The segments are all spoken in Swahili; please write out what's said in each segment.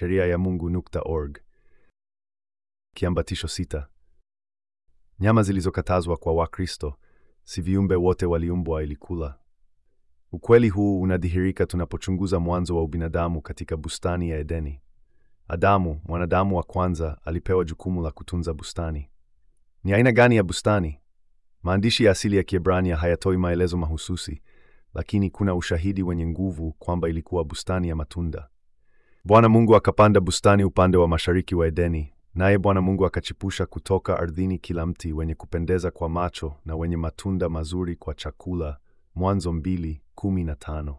sheria ya org. Kiambatisho sita. Nyama zilizokatazwa kwa Wakristo, si viumbe wote waliumbwa ili kula. Ukweli huu unadhihirika tunapochunguza mwanzo wa ubinadamu katika bustani ya Edeni. Adamu, mwanadamu wa kwanza, alipewa jukumu la kutunza bustani. Ni aina gani ya bustani? Maandishi ya asili ya Kiebrania hayatoi maelezo mahususi, lakini kuna ushahidi wenye nguvu kwamba ilikuwa bustani ya matunda. Bwana Mungu akapanda bustani upande wa mashariki wa Edeni, naye Bwana Mungu akachipusha kutoka ardhini kila mti wenye kupendeza kwa macho na wenye matunda mazuri kwa chakula. Mwanzo mbili kumi na tano.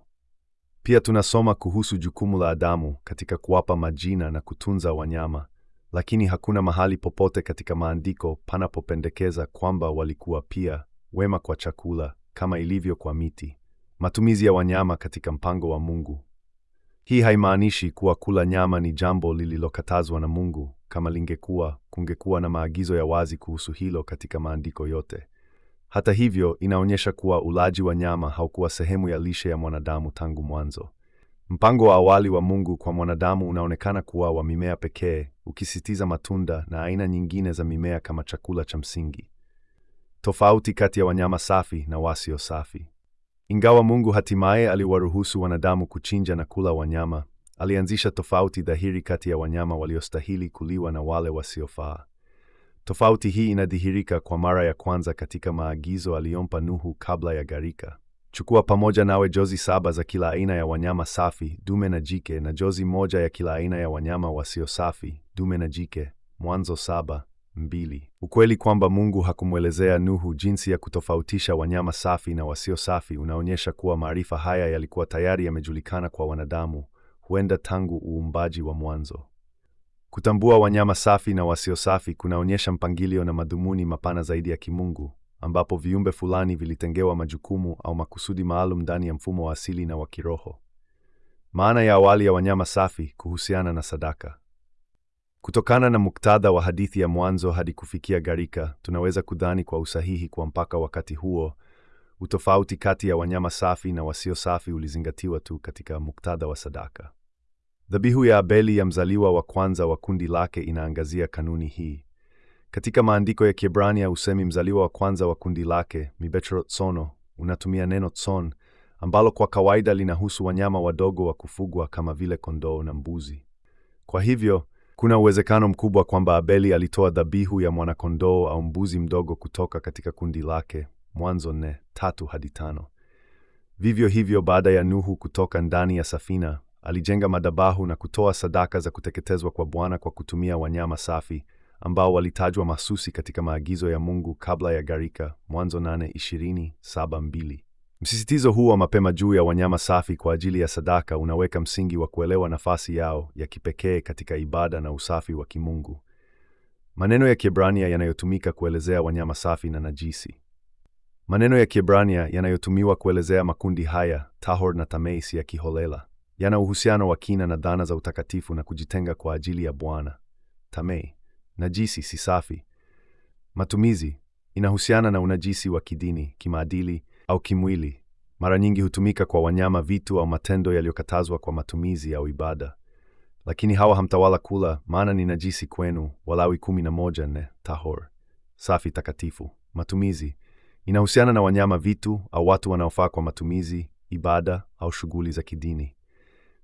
Pia tunasoma kuhusu jukumu la Adamu katika kuwapa majina na kutunza wanyama, lakini hakuna mahali popote katika maandiko panapopendekeza kwamba walikuwa pia wema kwa chakula kama ilivyo kwa miti. Matumizi ya wanyama katika mpango wa Mungu hii haimaanishi kuwa kula nyama ni jambo lililokatazwa na Mungu, kama lingekuwa kungekuwa na maagizo ya wazi kuhusu hilo katika maandiko yote. Hata hivyo, inaonyesha kuwa ulaji wa nyama haukuwa sehemu ya lishe ya mwanadamu tangu mwanzo. Mpango wa awali wa Mungu kwa mwanadamu unaonekana kuwa wa mimea pekee, ukisitiza matunda na aina nyingine za mimea kama chakula cha msingi. Tofauti kati ya wanyama safi na wasio safi. Ingawa Mungu hatimaye aliwaruhusu wanadamu kuchinja na kula wanyama, alianzisha tofauti dhahiri kati ya wanyama waliostahili kuliwa na wale wasiofaa. Tofauti hii inadhihirika kwa mara ya kwanza katika maagizo aliyompa Nuhu kabla ya gharika: chukua pamoja nawe jozi saba za kila aina ya wanyama safi, dume na jike, na jozi moja ya kila aina ya wanyama wasio safi, dume na jike. Mwanzo saba. Mbili, ukweli kwamba Mungu hakumwelezea Nuhu jinsi ya kutofautisha wanyama safi na wasio safi unaonyesha kuwa maarifa haya yalikuwa tayari yamejulikana kwa wanadamu, huenda tangu uumbaji wa mwanzo. Kutambua wanyama safi na wasio safi kunaonyesha mpangilio na madhumuni mapana zaidi ya kimungu, ambapo viumbe fulani vilitengewa majukumu au makusudi maalum ndani ya mfumo wa asili na wa kiroho. Maana ya awali ya wanyama safi kuhusiana na sadaka Kutokana na muktadha wa hadithi ya mwanzo hadi kufikia gharika, tunaweza kudhani kwa usahihi kwa mpaka wakati huo utofauti kati ya wanyama safi na wasio safi ulizingatiwa tu katika muktadha wa sadaka. Dhabihu ya Abeli ya mzaliwa wa kwanza wa kundi lake inaangazia kanuni hii. Katika maandiko ya Kiebrania usemi mzaliwa wa kwanza wa kundi lake mibetro tsono unatumia neno tson ambalo kwa kawaida linahusu wanyama wadogo wa kufugwa kama vile kondoo na mbuzi. Kwa hivyo kuna uwezekano mkubwa kwamba Abeli alitoa dhabihu ya mwanakondoo au mbuzi mdogo kutoka katika kundi lake, Mwanzo nne tatu hadi tano. Vivyo hivyo, baada ya Nuhu kutoka ndani ya safina, alijenga madhabahu na kutoa sadaka za kuteketezwa kwa Bwana kwa kutumia wanyama safi ambao walitajwa mahsusi katika maagizo ya Mungu kabla ya gharika, Mwanzo nane ishirini saba mbili. Msisitizo huu wa mapema juu ya wanyama safi kwa ajili ya sadaka unaweka msingi wa kuelewa nafasi yao ya kipekee katika ibada na usafi wa kimungu. Maneno ya Kiebrania yanayotumika kuelezea wanyama safi na najisi. Maneno ya Kiebrania yanayotumiwa kuelezea makundi haya, tahor na tameis, ya kiholela, yana uhusiano wa kina na dhana za utakatifu na kujitenga kwa ajili ya Bwana. Tamei, najisi, si safi. Matumizi: inahusiana na unajisi wa kidini, kimaadili au kimwili, mara nyingi hutumika kwa wanyama, vitu au matendo yaliyokatazwa kwa matumizi au ibada. Lakini hawa hamtawala kula, maana ni najisi kwenu. Walawi 11:4. Tahor, safi, takatifu. Matumizi inahusiana na wanyama, vitu au watu wanaofaa kwa matumizi, ibada au shughuli za kidini.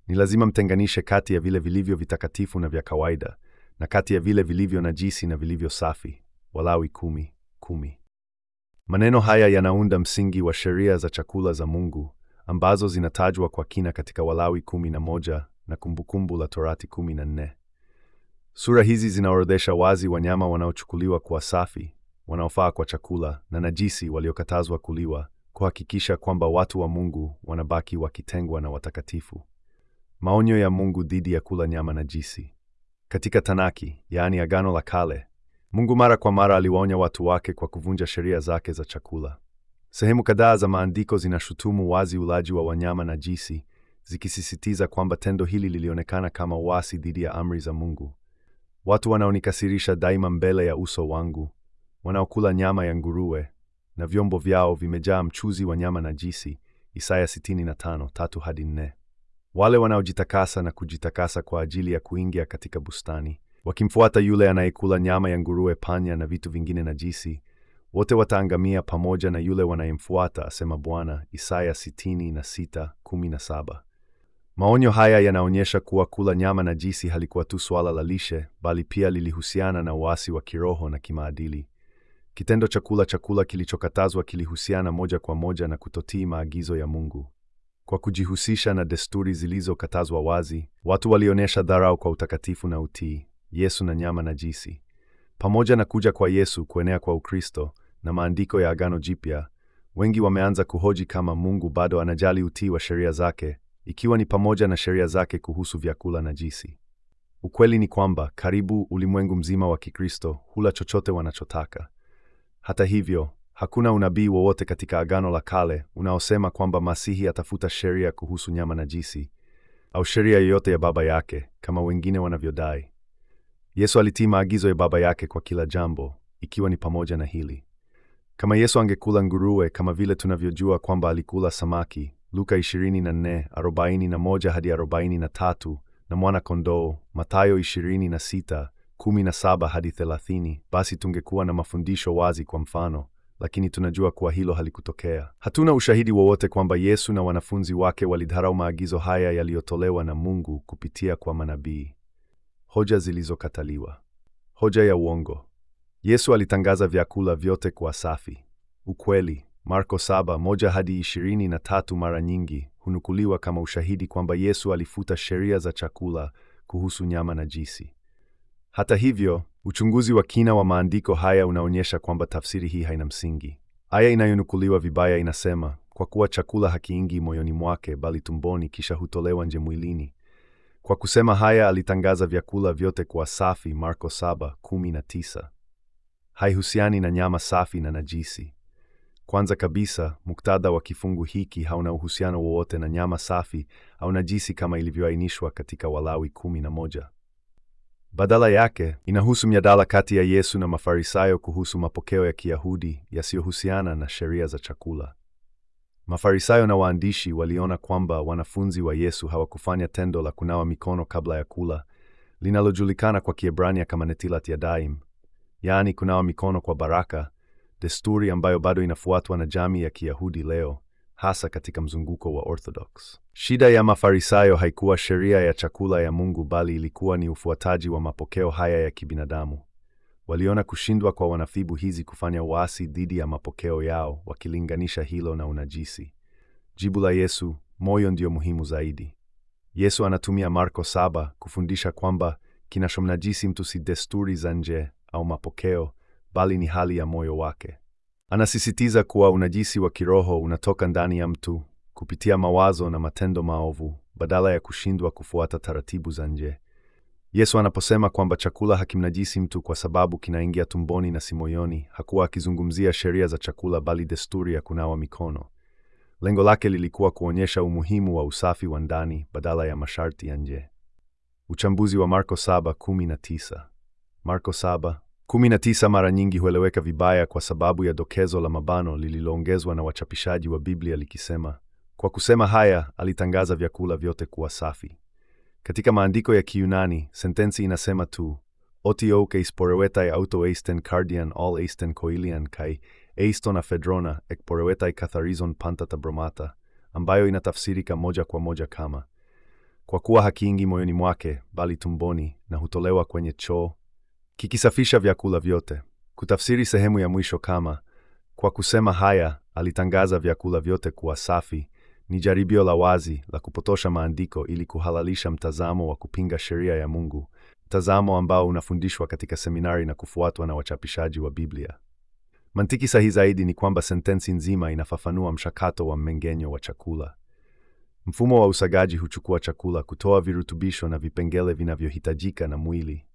Ni lazima mtenganishe kati ya vile vilivyo vitakatifu na vya kawaida na kati ya vile vilivyo najisi na vilivyo safi. Walawi kumi, kumi. Maneno haya yanaunda msingi wa sheria za chakula za Mungu ambazo zinatajwa kwa kina katika Walawi 11 na moja na Kumbukumbu la Torati 14. Sura hizi zinaorodhesha wazi wanyama wanaochukuliwa kuwa safi, wanaofaa kwa chakula na najisi waliokatazwa kuliwa, kuhakikisha kwamba watu wa Mungu wanabaki wakitengwa na watakatifu. Maonyo ya Mungu dhidi ya kula nyama najisi. Katika Tanaki, yaani Agano la Kale, Mungu mara kwa mara aliwaonya watu wake kwa kuvunja sheria zake za chakula. Sehemu kadhaa za maandiko zinashutumu wazi ulaji wa wanyama na jisi zikisisitiza kwamba tendo hili lilionekana kama uasi dhidi ya amri za Mungu. Watu wanaonikasirisha daima mbele ya uso wangu, wanaokula nyama ya nguruwe na vyombo vyao vimejaa mchuzi wa nyama jisi, Isaya 65:3 hadi 4. Wale wanaojitakasa na kujitakasa kwa ajili ya kuingia katika bustani wakimfuata yule anayekula nyama ya nguruwe, panya na vitu vingine najisi, wote wataangamia pamoja na yule wanayemfuata, asema Bwana. Isaya 66:17. Maonyo haya yanaonyesha kuwa kula nyama najisi halikuwa tu swala la lishe, bali pia lilihusiana na uasi wa kiroho na kimaadili. Kitendo cha kula chakula kilichokatazwa kilihusiana moja kwa moja na kutotii maagizo ya Mungu. Kwa kujihusisha na desturi zilizokatazwa wazi, watu walionyesha dharau kwa utakatifu na utii. Yesu na nyama jisi. Pamoja na kuja kwa Yesu, kuenea kwa Ukristo na maandiko ya Agano Jipya, wengi wameanza kuhoji kama Mungu bado anajali utii wa sheria zake, ikiwa ni pamoja na sheria zake kuhusu vyakula na jisi Ukweli ni kwamba karibu ulimwengu mzima wa Kikristo hula chochote wanachotaka. Hata hivyo, hakuna unabii wowote katika Agano la Kale unaosema kwamba Masihi atafuta sheria kuhusu nyama najisi au sheria yoyote ya baba yake kama wengine wanavyodai. Yesu alitii maagizo ya Baba yake kwa kila jambo, ikiwa ni pamoja na hili. Kama Yesu angekula nguruwe kama vile tunavyojua kwamba alikula samaki Luka 24:41 hadi 43, na mwana kondoo Mathayo 26:17 hadi 30, basi tungekuwa na mafundisho wazi kwa mfano, lakini tunajua kuwa hilo halikutokea. Hatuna ushahidi wowote kwamba Yesu na wanafunzi wake walidharau maagizo haya yaliyotolewa na Mungu kupitia kwa manabii. Hoja zilizokataliwa. Hoja ya uongo. Yesu alitangaza vyakula vyote kwa safi. Ukweli, Marko saba hadi mara nyingi hunukuliwa kama ushahidi kwamba Yesu alifuta sheria za chakula kuhusu nyama na jisi Hata hivyo, uchunguzi wa kina wa maandiko haya unaonyesha kwamba tafsiri hii haina msingi. Aya inayonukuliwa vibaya inasema, kwa kuwa chakula hakiingi moyoni mwake bali tumboni, kisha hutolewa nje mwilini. Kwa kusema haya alitangaza vyakula vyote kuwa safi, Marko 7:19. Haihusiani na nyama safi na najisi. Kwanza kabisa, muktadha wa kifungu hiki hauna uhusiano wowote na nyama safi au najisi kama ilivyoainishwa katika Walawi 11. Badala yake, inahusu mjadala kati ya Yesu na Mafarisayo kuhusu mapokeo ya Kiyahudi yasiyohusiana na sheria za chakula. Mafarisayo na waandishi waliona kwamba wanafunzi wa Yesu hawakufanya tendo la kunawa mikono kabla ya kula, linalojulikana kwa Kiebrania kama netilat yadaim, yaani kunawa mikono kwa baraka, desturi ambayo bado inafuatwa na jamii ya Kiyahudi leo, hasa katika mzunguko wa Orthodox. Shida ya Mafarisayo haikuwa sheria ya chakula ya Mungu, bali ilikuwa ni ufuataji wa mapokeo haya ya kibinadamu. Waliona kushindwa kwa wanathibu hizi kufanya uasi dhidi ya mapokeo yao, wakilinganisha hilo na unajisi. Jibu la Yesu, moyo ndio muhimu zaidi. Yesu anatumia Marko saba kufundisha kwamba kinachomnajisi mtu si desturi za nje au mapokeo, bali ni hali ya moyo wake. Anasisitiza kuwa unajisi wa kiroho unatoka ndani ya mtu kupitia mawazo na matendo maovu, badala ya kushindwa kufuata taratibu za nje. Yesu anaposema kwamba chakula hakimnajisi mtu kwa sababu kinaingia tumboni na si moyoni, hakuwa akizungumzia sheria za chakula bali desturi ya kunawa mikono. Lengo lake lilikuwa kuonyesha umuhimu wa usafi wa ndani badala ya masharti ya nje. Uchambuzi wa Marko 7:19. Marko 7:19 mara nyingi hueleweka vibaya kwa sababu ya dokezo la mabano lililoongezwa na wachapishaji wa Biblia likisema, kwa kusema haya alitangaza vyakula vyote kuwa safi. Katika maandiko ya Kiyunani, sentensi inasema tu otio keis porewetai auto eisten cardian all eisten koilian kai eiston afedrona ek porewetai katharizon panta tabromata, ambayo inatafsirika moja kwa moja kama kwa kuwa hakiingi moyoni mwake bali tumboni na hutolewa kwenye choo kikisafisha vyakula vyote. Kutafsiri sehemu ya mwisho kama kwa kusema haya alitangaza vyakula vyote kuwa safi, ni jaribio la wazi la kupotosha maandiko ili kuhalalisha mtazamo wa kupinga sheria ya Mungu, mtazamo ambao unafundishwa katika seminari na kufuatwa na wachapishaji wa Biblia. Mantiki sahihi zaidi ni kwamba sentensi nzima inafafanua mchakato wa mmeng'enyo wa chakula. Mfumo wa usagaji huchukua chakula kutoa virutubisho na vipengele vinavyohitajika na mwili,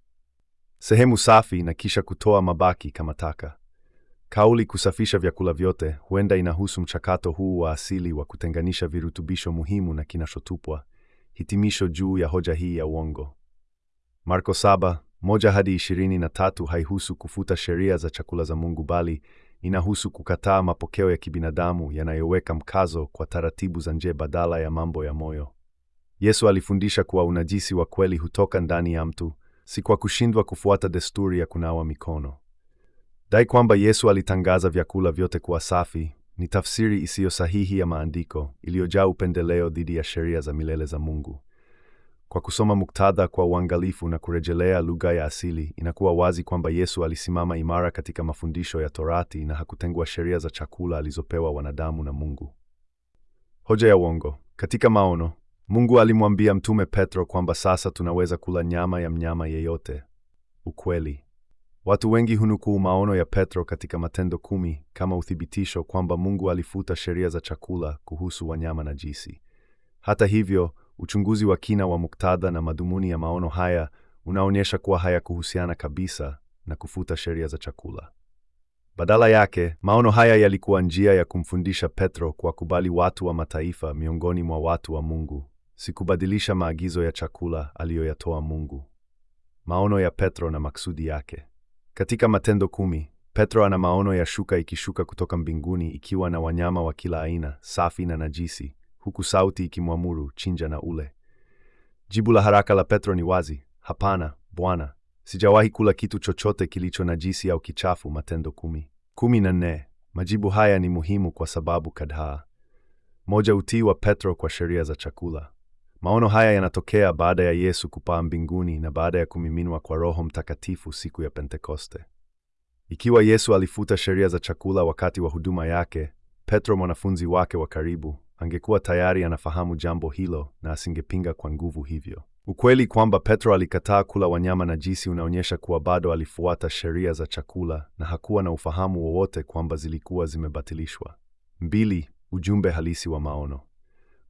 sehemu safi, na kisha kutoa mabaki kama taka. Kauli kusafisha vyakula vyote huenda inahusu mchakato huu wa asili wa kutenganisha virutubisho muhimu na kinachotupwa. Hitimisho juu ya hoja hii ya uongo. Marko 7:1 hadi 23 haihusu kufuta sheria za chakula za Mungu bali inahusu kukataa mapokeo ya kibinadamu yanayoweka mkazo kwa taratibu za nje badala ya mambo ya moyo. Yesu alifundisha kuwa unajisi wa kweli hutoka ndani ya mtu, si kwa kushindwa kufuata desturi ya kunawa mikono. Dai kwamba Yesu alitangaza vyakula vyote kuwa safi ni tafsiri isiyo sahihi ya maandiko iliyojaa upendeleo dhidi ya sheria za milele za Mungu. Kwa kusoma muktadha kwa uangalifu na kurejelea lugha ya asili, inakuwa wazi kwamba Yesu alisimama imara katika mafundisho ya Torati na hakutengua sheria za chakula alizopewa wanadamu na Mungu. Hoja ya uongo. Katika maono, Mungu alimwambia Mtume Petro kwamba sasa tunaweza kula nyama ya mnyama yeyote. Ukweli Watu wengi hunukuu maono ya Petro katika Matendo kumi kama uthibitisho kwamba Mungu alifuta sheria za chakula kuhusu wanyama na jisi Hata hivyo, uchunguzi wa kina wa muktadha na madhumuni ya maono haya unaonyesha kuwa hayakuhusiana kabisa na kufuta sheria za chakula. Badala yake, maono haya yalikuwa njia ya kumfundisha Petro kuwakubali watu wa mataifa miongoni mwa watu wa Mungu, si kubadilisha maagizo ya chakula aliyoyatoa Mungu. Maono ya Petro na maksudi yake. Katika Matendo kumi, Petro ana maono ya shuka ikishuka kutoka mbinguni ikiwa na wanyama wa kila aina, safi na najisi, huku sauti ikimwamuru, chinja na ule. Jibu la haraka la Petro ni wazi, hapana Bwana, sijawahi kula kitu chochote kilicho najisi au kichafu. Matendo kumi kumi na nne. Majibu haya ni muhimu kwa sababu kadhaa. Moja, utii wa Petro kwa sheria za chakula. Maono haya yanatokea baada ya Yesu kupaa mbinguni na baada ya kumiminwa kwa Roho Mtakatifu siku ya Pentekoste. Ikiwa Yesu alifuta sheria za chakula wakati wa huduma yake, Petro, mwanafunzi wake wa karibu, angekuwa tayari anafahamu jambo hilo na asingepinga kwa nguvu hivyo. Ukweli kwamba Petro alikataa kula wanyama najisi unaonyesha kuwa bado alifuata sheria za chakula na hakuwa na ufahamu wowote kwamba zilikuwa zimebatilishwa. Mbili, ujumbe halisi wa maono.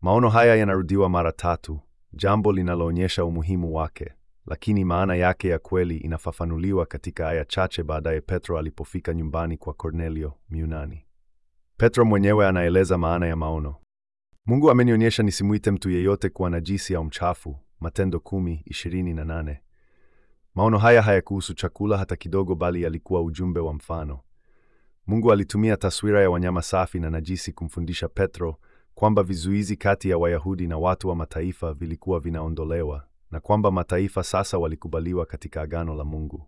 Maono haya yanarudiwa mara tatu, jambo linaloonyesha umuhimu wake, lakini maana yake ya kweli inafafanuliwa katika aya chache baadaye Petro alipofika nyumbani kwa Kornelio Myunani. Petro mwenyewe anaeleza maana ya maono. Mungu amenionyesha nisimwite mtu yeyote kuwa najisi au mchafu, Matendo 10:28. Maono haya hayakuhusu chakula hata kidogo, bali yalikuwa ujumbe wa mfano. Mungu alitumia taswira ya wanyama safi na najisi kumfundisha Petro kwamba vizuizi kati ya Wayahudi na watu wa mataifa vilikuwa vinaondolewa na kwamba mataifa sasa walikubaliwa katika agano la Mungu.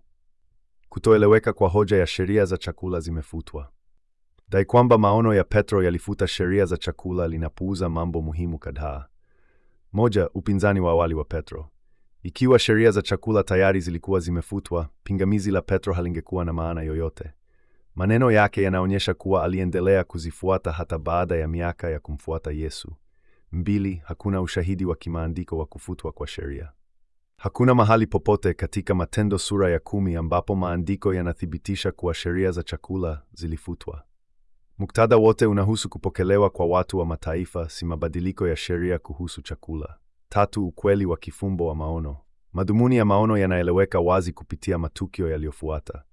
Kutoeleweka kwa hoja ya sheria za chakula zimefutwa. Dai kwamba maono ya Petro yalifuta sheria za chakula linapuuza mambo muhimu kadhaa. Moja, upinzani wa awali wa Petro. Ikiwa sheria za chakula tayari zilikuwa zimefutwa, pingamizi la Petro halingekuwa na maana yoyote. Maneno yake yanaonyesha kuwa aliendelea kuzifuata hata baada ya miaka ya kumfuata Yesu. Mbili, hakuna ushahidi wa kimaandiko wa kufutwa kwa sheria. Hakuna mahali popote katika Matendo sura ya kumi ambapo maandiko yanathibitisha kuwa sheria za chakula zilifutwa. Muktadha wote unahusu kupokelewa kwa watu wa mataifa, si mabadiliko ya sheria kuhusu chakula. Tatu, ukweli wa kifumbo wa maono. Madhumuni ya maono yanaeleweka wazi kupitia matukio yaliyofuata.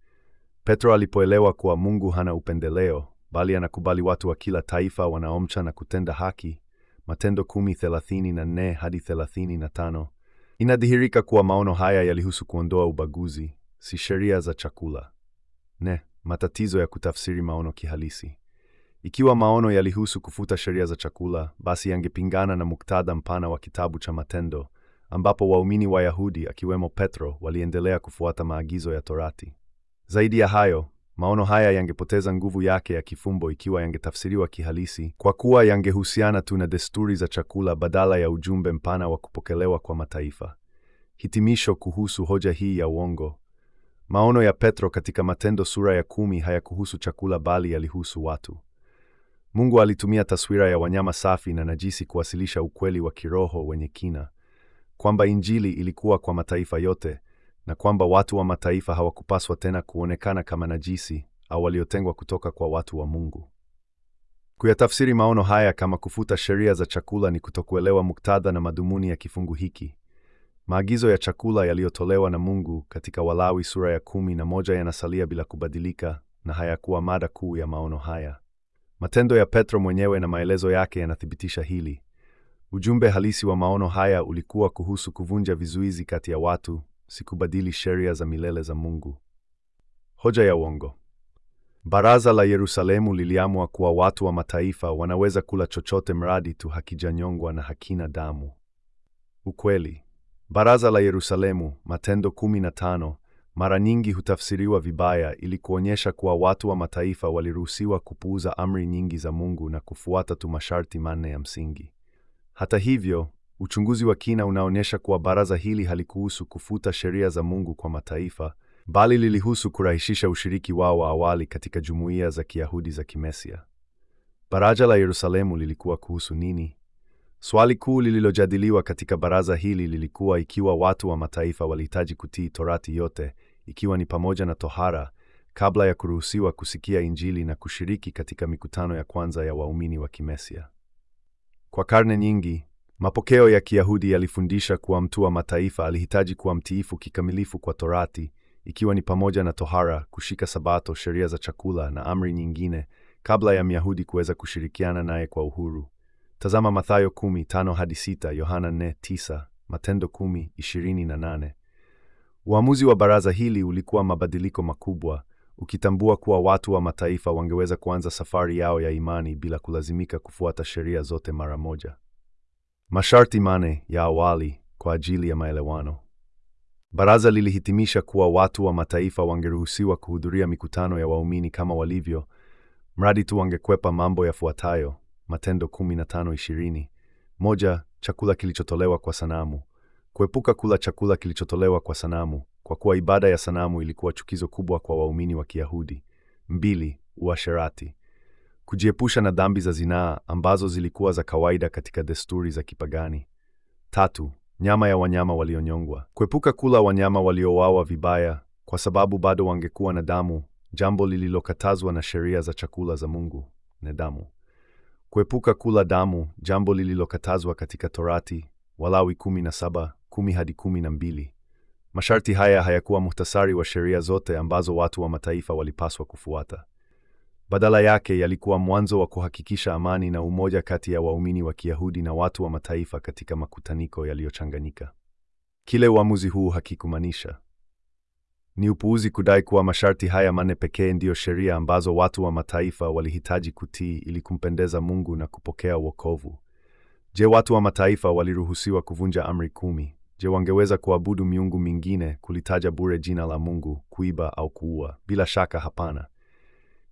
Petro alipoelewa kuwa Mungu hana upendeleo, bali anakubali watu wa kila taifa wanaomcha na kutenda haki, Matendo 10:34 hadi 35, inadhihirika kuwa maono haya yalihusu kuondoa ubaguzi, si sheria za chakula. Ne, matatizo ya kutafsiri maono kihalisi. Ikiwa maono yalihusu kufuta sheria za chakula, basi yangepingana na muktadha mpana wa kitabu cha Matendo, ambapo waumini Wayahudi akiwemo Petro waliendelea kufuata maagizo ya Torati. Zaidi ya hayo, maono haya yangepoteza nguvu yake ya kifumbo ikiwa yangetafsiriwa kihalisi, kwa kuwa yangehusiana tu na desturi za chakula badala ya ujumbe mpana wa kupokelewa kwa mataifa. Hitimisho kuhusu hoja hii ya uongo. Maono ya Petro katika Matendo sura ya kumi hayakuhusu chakula bali yalihusu watu. Mungu alitumia taswira ya wanyama safi na najisi kuwasilisha ukweli wa kiroho wenye kina, kwamba Injili ilikuwa kwa mataifa yote, na kwamba watu wa mataifa hawakupaswa tena kuonekana kama najisi au waliotengwa kutoka kwa watu wa Mungu. Kuyatafsiri maono haya kama kufuta sheria za chakula ni kutokuelewa muktadha na madhumuni ya kifungu hiki. Maagizo ya chakula yaliyotolewa na Mungu katika Walawi sura ya kumi na moja yanasalia bila kubadilika na hayakuwa mada kuu ya maono haya. Matendo ya Petro mwenyewe na maelezo yake yanathibitisha hili. Ujumbe halisi wa maono haya ulikuwa kuhusu kuvunja vizuizi kati ya watu sikubadili sheria za milele za Mungu. Hoja ya uongo. Baraza la Yerusalemu liliamua kuwa watu wa mataifa wanaweza kula chochote mradi tu hakijanyongwa na hakina damu. Ukweli. Baraza la Yerusalemu, Matendo 15, mara nyingi hutafsiriwa vibaya ili kuonyesha kuwa watu wa mataifa waliruhusiwa kupuuza amri nyingi za Mungu na kufuata tu masharti manne ya msingi. Hata hivyo, Uchunguzi wa kina unaonyesha kuwa baraza hili halikuhusu kufuta sheria za Mungu kwa mataifa, bali lilihusu kurahisisha ushiriki wao wa awali katika jumuiya za Kiyahudi za Kimesia. Baraza la Yerusalemu lilikuwa kuhusu nini? Swali kuu lililojadiliwa katika baraza hili lilikuwa ikiwa watu wa mataifa walihitaji kutii Torati yote, ikiwa ni pamoja na tohara, kabla ya kuruhusiwa kusikia Injili na kushiriki katika mikutano ya kwanza ya waumini wa Kimesia. Kwa karne nyingi Mapokeo ya Kiyahudi yalifundisha kuwa mtu wa mataifa alihitaji kuwa mtiifu kikamilifu kwa Torati, ikiwa ni pamoja na tohara, kushika Sabato, sheria za chakula na amri nyingine, kabla ya Myahudi kuweza kushirikiana naye kwa uhuru. Tazama Mathayo 10:5 hadi 6, Yohana 4:9, Matendo 10:28. Uamuzi wa baraza hili ulikuwa mabadiliko makubwa, ukitambua kuwa watu wa mataifa wangeweza kuanza safari yao ya imani bila kulazimika kufuata sheria zote mara moja masharti mane ya awali kwa ajili ya maelewano. Baraza lilihitimisha kuwa watu wa mataifa wangeruhusiwa kuhudhuria mikutano ya waumini kama walivyo, mradi tu wangekwepa mambo yafuatayo: Matendo 15:20. Moja, chakula kilichotolewa kwa sanamu. Kuepuka kula chakula kilichotolewa kwa sanamu, kwa kuwa ibada ya sanamu ilikuwa chukizo kubwa kwa waumini wa Kiyahudi. Mbili, uasherati kujiepusha na dhambi za zinaa ambazo zilikuwa za kawaida katika desturi za kipagani. Tatu, nyama ya wanyama walionyongwa, kuepuka kula wanyama waliowawa vibaya, kwa sababu bado wangekuwa na damu, jambo lililokatazwa na sheria za chakula za Mungu. Na damu, kuepuka kula damu, jambo lililokatazwa katika Torati, Walawi 17:10 hadi 12. Masharti haya hayakuwa muhtasari wa sheria zote ambazo watu wa mataifa walipaswa kufuata. Badala yake yalikuwa mwanzo wa kuhakikisha amani na umoja kati ya waumini wa Kiyahudi na watu wa mataifa katika makutaniko yaliyochanganyika. Kile uamuzi huu hakikumaanisha ni upuuzi kudai kuwa masharti haya manne pekee ndiyo sheria ambazo watu wa mataifa walihitaji kutii ili kumpendeza Mungu na kupokea wokovu. Je, watu wa mataifa waliruhusiwa kuvunja amri kumi? Je, wangeweza kuabudu miungu mingine, kulitaja bure jina la Mungu, kuiba au kuua? Bila shaka hapana.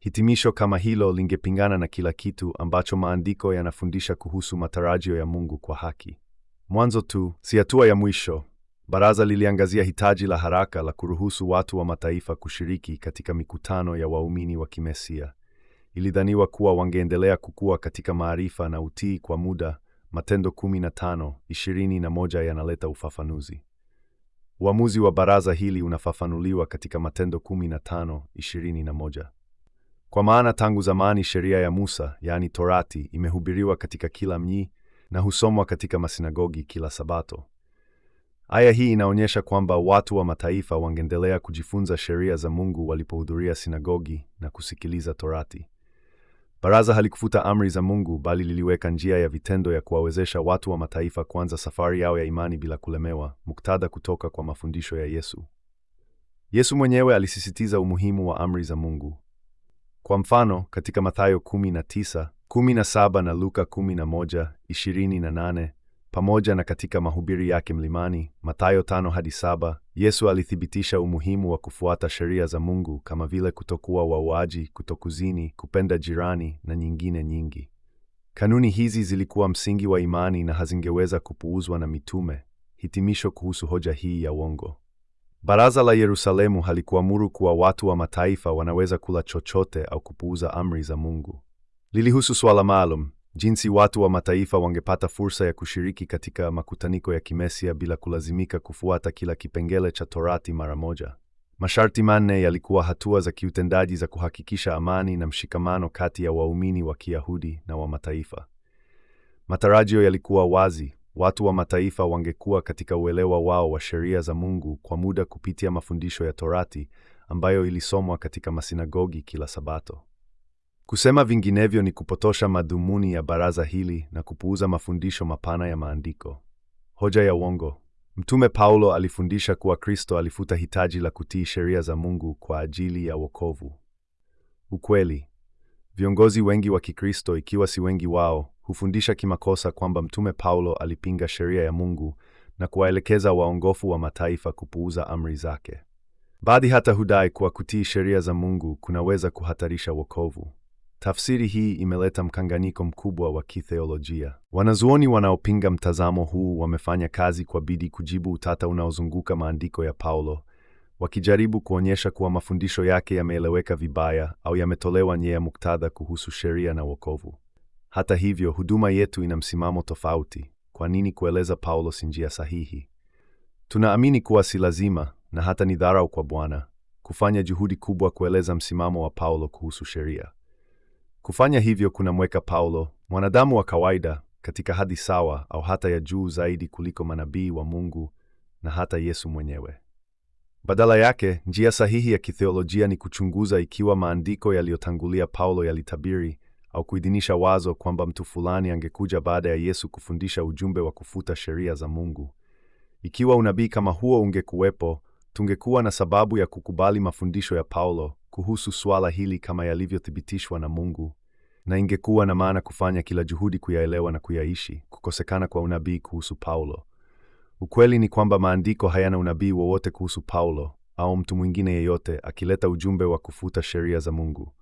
Hitimisho kama hilo lingepingana na kila kitu ambacho maandiko yanafundisha kuhusu matarajio ya Mungu kwa haki. Mwanzo tu, si hatua ya mwisho. Baraza liliangazia hitaji la haraka la kuruhusu watu wa mataifa kushiriki katika mikutano ya waumini wa kimesia. Ilidhaniwa kuwa wangeendelea kukua katika maarifa na utii kwa muda. Matendo 1521 yanaleta ufafanuzi. Uamuzi wa baraza hili unafafanuliwa katika Matendo 15, kwa maana tangu zamani sheria ya Musa, yaani Torati, imehubiriwa katika kila mji na husomwa katika masinagogi kila Sabato. Aya hii inaonyesha kwamba watu wa mataifa wangeendelea kujifunza sheria za Mungu walipohudhuria sinagogi na kusikiliza Torati. Baraza halikufuta amri za Mungu, bali liliweka njia ya vitendo ya kuwawezesha watu wa mataifa kuanza safari yao ya imani bila kulemewa, muktadha kutoka kwa mafundisho ya Yesu. Yesu mwenyewe alisisitiza umuhimu wa amri za Mungu. Kwa mfano, katika Mathayo 19, 17 na Luka 11, 28, pamoja na katika mahubiri yake mlimani, Mathayo 5 hadi 7, Yesu alithibitisha umuhimu wa kufuata sheria za Mungu kama vile kutokuwa wauaji, kutokuzini, kupenda jirani na nyingine nyingi. Kanuni hizi zilikuwa msingi wa imani na hazingeweza kupuuzwa na mitume. Hitimisho kuhusu hoja hii ya uongo. Baraza la Yerusalemu halikuamuru kuwa watu wa mataifa wanaweza kula chochote au kupuuza amri za Mungu. Lilihusu swala maalum, jinsi watu wa mataifa wangepata fursa ya kushiriki katika makutaniko ya kimesia bila kulazimika kufuata kila kipengele cha Torati mara moja. Masharti manne yalikuwa hatua za kiutendaji za kuhakikisha amani na mshikamano kati ya waumini wa Kiyahudi na wa mataifa. Matarajio yalikuwa wazi, Watu wa mataifa wangekuwa katika uelewa wao wa sheria za Mungu kwa muda kupitia mafundisho ya Torati ambayo ilisomwa katika masinagogi kila Sabato. Kusema vinginevyo ni kupotosha madhumuni ya baraza hili na kupuuza mafundisho mapana ya maandiko. Hoja ya uongo. Mtume Paulo alifundisha kuwa Kristo alifuta hitaji la kutii sheria za Mungu kwa ajili ya wokovu. Ukweli. Viongozi wengi wa Kikristo, ikiwa si wengi wao, hufundisha kimakosa kwamba Mtume Paulo alipinga sheria ya Mungu na kuwaelekeza waongofu wa mataifa kupuuza amri zake. Baadhi hata hudai kuwa kutii sheria za Mungu kunaweza kuhatarisha wokovu. Tafsiri hii imeleta mkanganyiko mkubwa wa kitheolojia. Wanazuoni wanaopinga mtazamo huu wamefanya kazi kwa bidii kujibu utata unaozunguka maandiko ya Paulo, wakijaribu kuonyesha kuwa mafundisho yake yameeleweka vibaya au yametolewa nje ya muktadha kuhusu sheria na wokovu. Hata hivyo, huduma yetu ina msimamo tofauti. Kwa nini kueleza Paulo si njia sahihi? Tunaamini kuwa si lazima na hata ni dharau kwa Bwana kufanya juhudi kubwa kueleza msimamo wa Paulo kuhusu sheria. Kufanya hivyo kunamweka Paulo, mwanadamu wa kawaida, katika hadhi sawa au hata ya juu zaidi kuliko manabii wa Mungu na hata Yesu mwenyewe. Badala yake, njia sahihi ya kitheolojia ni kuchunguza ikiwa maandiko yaliyotangulia Paulo yalitabiri au kuidhinisha wazo kwamba mtu fulani angekuja baada ya Yesu kufundisha ujumbe wa kufuta sheria za Mungu. Ikiwa unabii kama huo ungekuwepo, tungekuwa na sababu ya kukubali mafundisho ya Paulo kuhusu swala hili kama yalivyothibitishwa na Mungu, na ingekuwa na maana kufanya kila juhudi kuyaelewa na kuyaishi kukosekana kwa unabii kuhusu Paulo. Ukweli ni kwamba maandiko hayana unabii wowote kuhusu Paulo au mtu mwingine yeyote akileta ujumbe wa kufuta sheria za Mungu.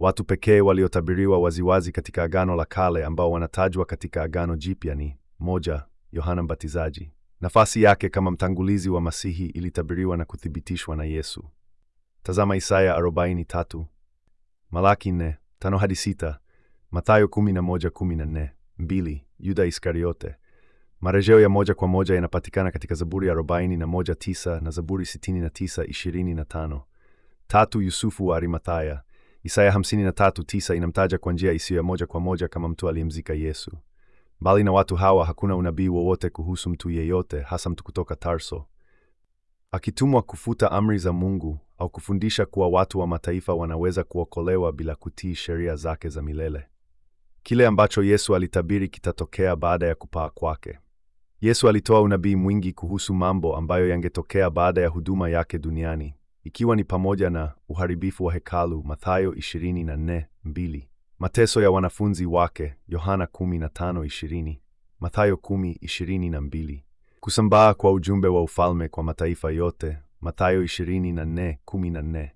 Watu pekee waliotabiriwa waziwazi katika Agano la Kale ambao wanatajwa katika Agano Jipya ni moja, Yohana Mbatizaji. Nafasi yake kama mtangulizi wa Masihi ilitabiriwa na kuthibitishwa na Yesu. Tazama Isaya 43, Malaki 4:5 hadi 6, Mathayo 11:14, 2, Yuda Iskariote. Marejeo ya moja kwa moja yanapatikana katika Zaburi 41:9 na Zaburi 69:25. Tatu, Yusufu wa Arimathaya. Isaya 53:9 inamtaja kwa njia isiyo ya moja kwa moja kama mtu aliyemzika Yesu. Mbali na watu hawa, hakuna unabii wowote kuhusu mtu yeyote, hasa mtu kutoka Tarso akitumwa kufuta amri za Mungu au kufundisha kuwa watu wa mataifa wanaweza kuokolewa bila kutii sheria zake za milele. Kile ambacho Yesu alitabiri kitatokea baada ya kupaa kwake. Yesu alitoa unabii mwingi kuhusu mambo ambayo yangetokea baada ya huduma yake duniani ikiwa ni pamoja na uharibifu wa hekalu Mathayo 24:2, mateso ya wanafunzi wake Yohana 15:20, Mathayo 10:22, kusambaa kwa ujumbe wa ufalme kwa mataifa yote Mathayo 24:14.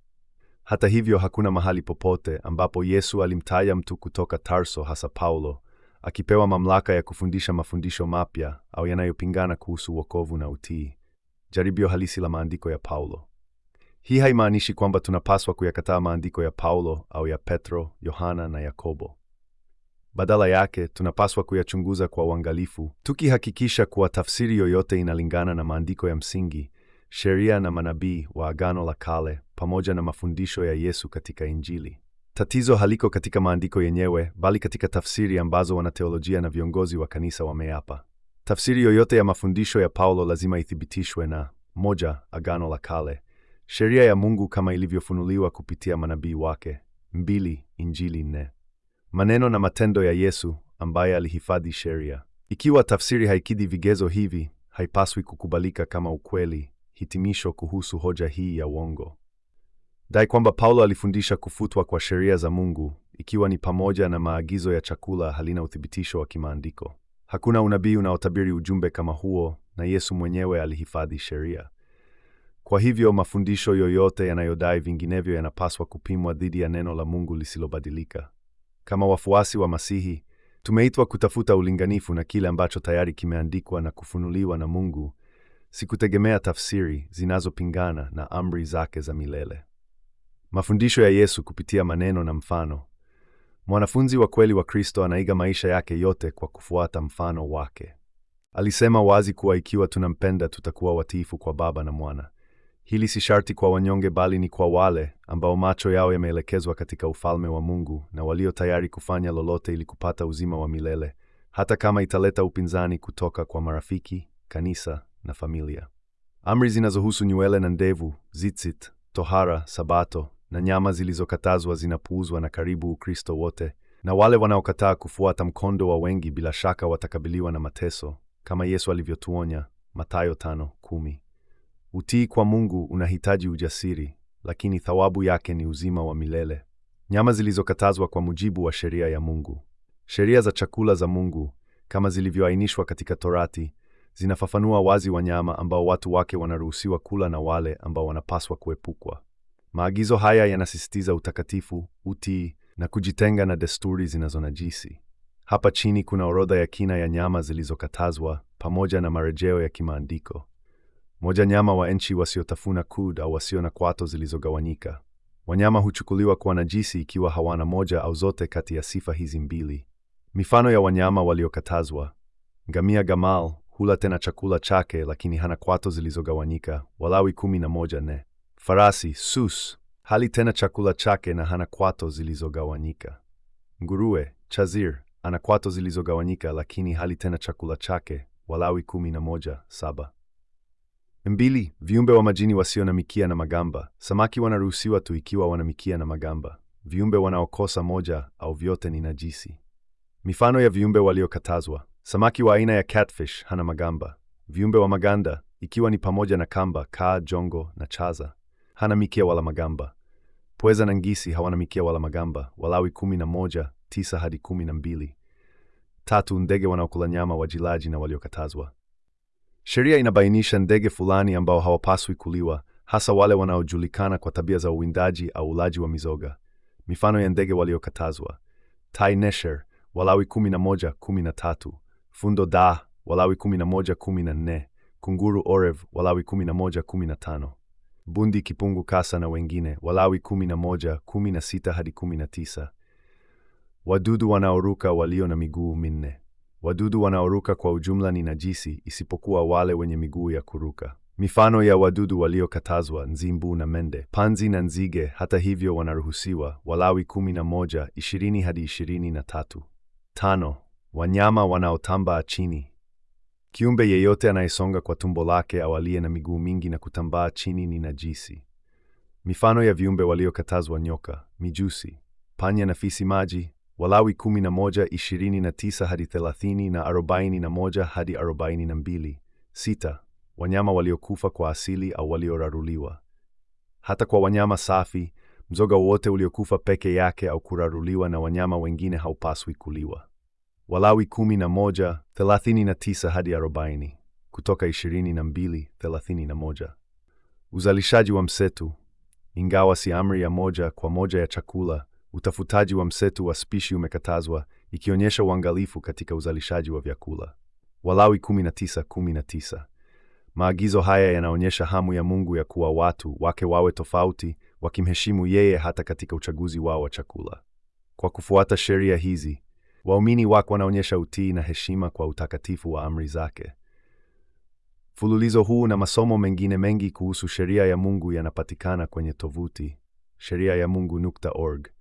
Hata hivyo, hakuna mahali popote ambapo Yesu alimtaja mtu kutoka Tarso, hasa Paulo, akipewa mamlaka ya kufundisha mafundisho mapya au yanayopingana kuhusu wokovu na utii. Jaribio halisi la maandiko ya Paulo. Hii haimaanishi kwamba tunapaswa kuyakataa maandiko ya Paulo au ya Petro, Yohana na Yakobo. Badala yake, tunapaswa kuyachunguza kwa uangalifu, tukihakikisha kuwa tafsiri yoyote inalingana na maandiko ya msingi, sheria na manabii wa Agano la Kale pamoja na mafundisho ya Yesu katika Injili. Tatizo haliko katika maandiko yenyewe, bali katika tafsiri ambazo wanateolojia na viongozi wa kanisa wameapa. Tafsiri yoyote ya mafundisho ya Paulo lazima ithibitishwe na moja, Agano la Kale Sheria ya Mungu kama ilivyofunuliwa kupitia manabii wake. Mbili, Injili nne. Maneno na matendo ya Yesu ambaye alihifadhi sheria. Ikiwa tafsiri haikidhi vigezo hivi, haipaswi kukubalika kama ukweli. Hitimisho kuhusu hoja hii ya uongo. Dai kwamba Paulo alifundisha kufutwa kwa sheria za Mungu, ikiwa ni pamoja na maagizo ya chakula, halina uthibitisho wa kimaandiko. Hakuna unabii unaotabiri ujumbe kama huo, na Yesu mwenyewe alihifadhi sheria. Kwa hivyo mafundisho yoyote yanayodai vinginevyo yanapaswa kupimwa dhidi ya neno la Mungu lisilobadilika. Kama wafuasi wa Masihi, tumeitwa kutafuta ulinganifu na kile ambacho tayari kimeandikwa na kufunuliwa na Mungu, si kutegemea tafsiri zinazopingana na amri zake za milele. Mafundisho ya Yesu kupitia maneno na mfano. Mwanafunzi wa kweli wa Kristo anaiga maisha yake yote kwa kufuata mfano wake. Alisema wazi kuwa ikiwa tunampenda, tutakuwa watiifu kwa Baba na Mwana. Hili si sharti kwa wanyonge, bali ni kwa wale ambao macho yao yameelekezwa katika ufalme wa Mungu na walio tayari kufanya lolote ili kupata uzima wa milele, hata kama italeta upinzani kutoka kwa marafiki, kanisa na familia. Amri zinazohusu nywele na ndevu, zitzit tohara, sabato na nyama zilizokatazwa zinapuuzwa na karibu Ukristo wote, na wale wanaokataa kufuata mkondo wa wengi bila shaka watakabiliwa na mateso, kama Yesu alivyotuonya Mathayo tano kumi. Utii kwa Mungu unahitaji ujasiri, lakini thawabu yake ni uzima wa milele. Nyama zilizokatazwa kwa mujibu wa sheria ya Mungu. Sheria za chakula za Mungu kama zilivyoainishwa katika Torati zinafafanua wazi wanyama ambao watu wake wanaruhusiwa kula na wale ambao wanapaswa kuepukwa. Maagizo haya yanasisitiza utakatifu, utii na kujitenga na desturi zinazonajisi. Hapa chini kuna orodha ya kina ya nyama zilizokatazwa pamoja na marejeo ya kimaandiko moja nyama wa nchi wasiotafuna kud au wasio na kwato zilizogawanyika. Wanyama huchukuliwa kuwa najisi ikiwa hawana moja au zote kati ya sifa hizi mbili. Mifano ya wanyama waliokatazwa: ngamia Gamal hula tena chakula chake, lakini hana kwato zilizogawanyika. Walawi kumi na moja ne. Farasi Sus hali tena chakula chake na hana kwato zilizogawanyika. Nguruwe Chazir ana kwato zilizogawanyika, lakini hali tena chakula chake. Walawi kumi na moja saba. Mbili, viumbe wa majini wasio na mikia na magamba. Samaki wanaruhusiwa tu ikiwa wana mikia na magamba. Viumbe wanaokosa moja au vyote ni najisi. Mifano ya viumbe waliokatazwa: samaki wa aina ya catfish hana magamba. Viumbe wa maganda, ikiwa ni pamoja na kamba, kaa, jongo na chaza, hana mikia wala magamba. Pweza na ngisi hawana mikia wala magamba. Walawi kumi na moja tisa hadi kumi na mbili. Tatu, ndege wanaokula nyama, wajilaji na waliokatazwa. Sheria inabainisha ndege fulani ambao hawapaswi kuliwa, hasa wale wanaojulikana kwa tabia za uwindaji au ulaji wa mizoga. Mifano ya ndege waliokatazwa: tai nesher, Walawi 11:13; fundo Da, Walawi 11:14; kunguru orev, Walawi 11:15; bundi, kipungu, kasa na wengine, Walawi 11:16 hadi 19. Wadudu wanaoruka walio na miguu minne. Wadudu wanaoruka kwa ujumla ni najisi, isipokuwa wale wenye miguu ya kuruka. Mifano ya wadudu waliokatazwa: nzimbu na mende, panzi na nzige. Hata hivyo wanaruhusiwa, Walawi kumi na moja ishirini hadi ishirini tatu. Tano, wanyama wanaotamba chini. Kiumbe yeyote anayesonga kwa tumbo lake au aliye na miguu mingi na kutambaa chini ni najisi. Mifano ya viumbe waliokatazwa: nyoka, mijusi, panya na fisi maji. Walawi 11 29 hadi 30 na 41 hadi 42. Sita, wanyama waliokufa kwa asili au walioraruliwa. Hata kwa wanyama safi, mzoga wote uliokufa peke yake au kuraruliwa na wanyama wengine haupaswi kuliwa. Walawi 11 39 hadi 40, Kutoka 22 31. Uzalishaji wa msetu, ingawa si amri ya moja kwa moja ya chakula Utafutaji wa mseto wa spishi umekatazwa, ikionyesha uangalifu katika uzalishaji wa vyakula. Walawi 19:19. Maagizo haya yanaonyesha hamu ya Mungu ya kuwa watu wake wawe tofauti, wakimheshimu yeye hata katika uchaguzi wao wa chakula. Kwa kufuata sheria hizi, waumini wake wanaonyesha utii na heshima kwa utakatifu wa amri zake. Fululizo huu na masomo mengine mengi kuhusu sheria ya Mungu yanapatikana kwenye tovuti sheria ya mungu.org.